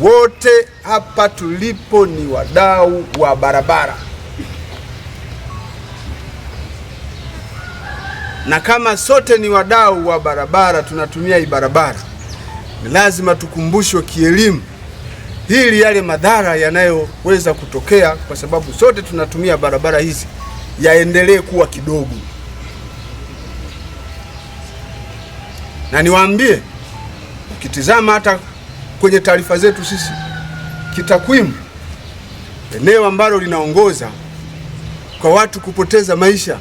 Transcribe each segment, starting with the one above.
wote hapa tulipo ni wadau wa barabara, na kama sote ni wadau wa barabara, tunatumia hii barabara, ni lazima tukumbushwe kielimu hili yale madhara yanayoweza kutokea, kwa sababu sote tunatumia barabara hizi, yaendelee kuwa kidogo. Na niwaambie, ukitizama hata kwenye taarifa zetu sisi kitakwimu, eneo ambalo linaongoza kwa watu kupoteza maisha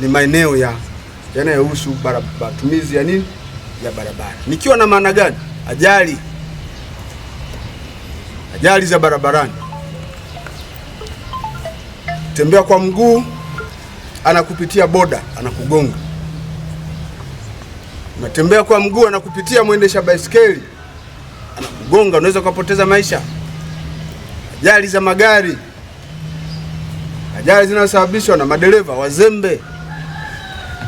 ni maeneo ya yanayohusu matumizi ya nini ya barabara. Nikiwa na maana gani? Ajali, ajali za barabarani, tembea kwa mguu anakupitia boda, anakugonga unatembea kwa mguu, anakupitia mwendesha baisikeli anakugonga, unaweza ukapoteza maisha. Ajali za magari, ajali zinazosababishwa na madereva wazembe,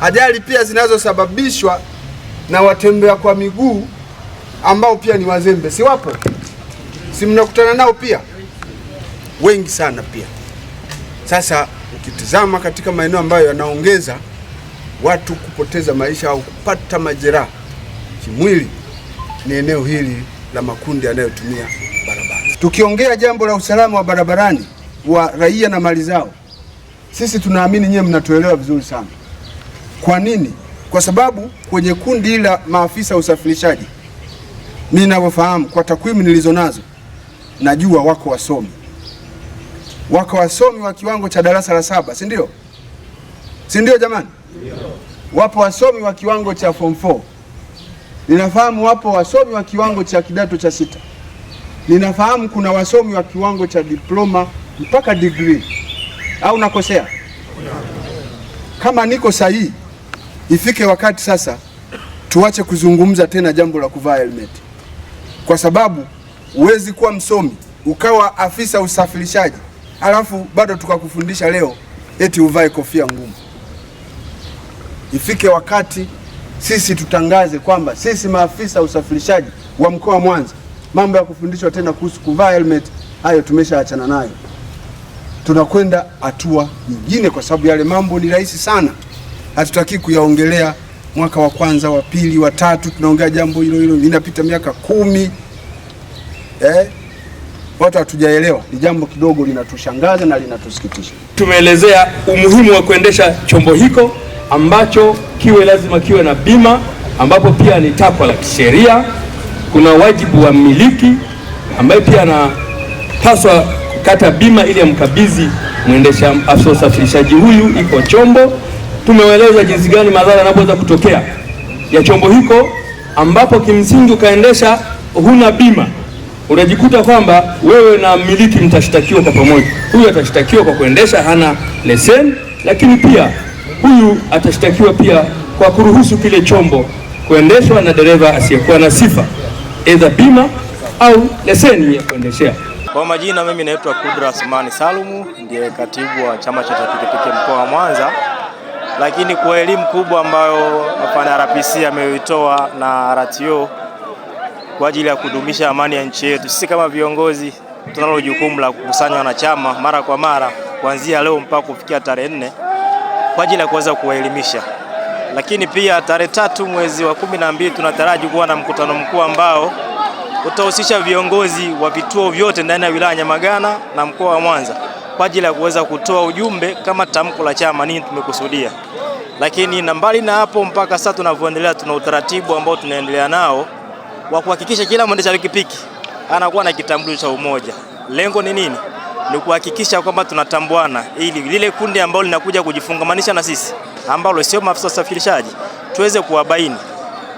ajali pia zinazosababishwa na watembea kwa miguu ambao pia ni wazembe, si wapo? Si mnakutana nao pia wengi sana pia. Sasa ukitizama katika maeneo ambayo yanaongeza watu kupoteza maisha au kupata majeraha kimwili ni eneo hili la makundi yanayotumia barabara. Tukiongea jambo la usalama wa barabarani wa raia na mali zao, sisi tunaamini nyewe mnatuelewa vizuri sana. Kwa nini? Kwa sababu kwenye kundi la maafisa usafirishaji, mimi ninavyofahamu, kwa takwimu nilizo nazo, najua wako wasomi, wako wasomi wa kiwango cha darasa la saba, si ndio? Si ndio jamani? Wapo wasomi wa kiwango cha form 4. Ninafahamu wapo wasomi wa kiwango cha kidato cha sita. Ninafahamu kuna wasomi wa kiwango cha diploma mpaka degree. Au nakosea? Kama niko sahihi, ifike wakati sasa tuache kuzungumza tena jambo la kuvaa helmet, kwa sababu huwezi kuwa msomi ukawa afisa usafirishaji alafu bado tukakufundisha leo eti uvae kofia ngumu ifike wakati sisi tutangaze kwamba sisi maafisa usafirishaji wa mkoa wa Mwanza, mambo ya kufundishwa tena kuhusu kuvaa helmet hayo tumeshaachana nayo, tunakwenda hatua nyingine, kwa sababu yale mambo ni rahisi sana, hatutaki kuyaongelea mwaka wa kwanza, wa pili, wa tatu, tunaongea jambo hilo hilo, inapita miaka kumi eh? Watu hatujaelewa. Ni jambo kidogo linatushangaza na linatusikitisha. Tumeelezea umuhimu wa kuendesha chombo hiko ambacho kiwe lazima kiwe na bima, ambapo pia ni takwa la kisheria. Kuna wajibu wa mmiliki ambaye pia anapaswa kukata bima ili amkabidhi mwendesha afisa usafirishaji huyu iko chombo. Tumeeleza jinsi gani madhara yanapoweza kutokea ya chombo hiko, ambapo kimsingi ukaendesha huna bima unajikuta kwamba wewe na mmiliki mtashtakiwa kwa pamoja. Huyu atashtakiwa kwa kuendesha hana leseni, lakini pia huyu atashtakiwa pia kwa kuruhusu kile chombo kuendeshwa na dereva asiyekuwa na sifa, edha bima au leseni ya kuendeshea. Kwa majina, mimi naitwa Kudra Asmani Salumu, ndiye katibu wa chama cha pikipiki mkoa wa Mwanza. Lakini kwa elimu kubwa ambayo afana RPC ameitoa na RTO kwa ajili ya kudumisha amani ya nchi yetu, sisi kama viongozi tunalo jukumu la kukusanya wanachama mara kwa mara kuanzia leo mpaka kufikia tarehe nne kwa ajili ya kuweza kuwaelimisha. Lakini pia tarehe tatu mwezi wa kumi na mbili tunataraji kuwa na mkutano mkuu ambao utahusisha viongozi wa vituo vyote ndani ya wilaya Nyamagana na mkoa wa Mwanza kwa ajili ya kuweza kutoa ujumbe kama tamko la chama, nini tumekusudia. Lakini na mbali na hapo, mpaka sasa tunavyoendelea, tuna utaratibu ambao tunaendelea nao wa kuhakikisha kila mwendesha pikipiki anakuwa na kitambulisho cha umoja. Lengo ni nini? ni kuhakikisha kwamba tunatambuana, ili lile kundi ambalo linakuja kujifungamanisha na sisi ambalo sio maafisa usafirishaji tuweze kuwabaini,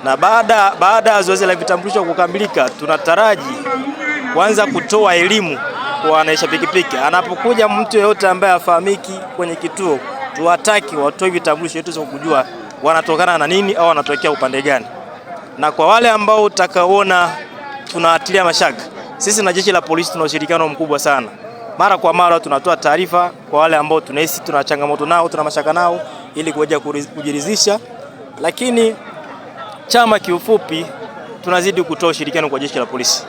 na baada baada ya zoezi la vitambulisho kukamilika, tunataraji kuanza kutoa elimu kwa wanaisha pikipiki. Anapokuja mtu yeyote ambaye afahamiki kwenye kituo, tuwataki watoe vitambulisho yetu kujua wanatokana na nini au wanatokea upande gani. Na kwa wale ambao utakaona tunaatilia mashaka, sisi na jeshi la polisi tuna ushirikiano mkubwa sana mara kwa mara tunatoa taarifa kwa wale ambao tunahisi tuna changamoto nao, tuna mashaka nao, ili kuja kujiridhisha. Lakini chama kiufupi, tunazidi kutoa ushirikiano kwa jeshi la polisi.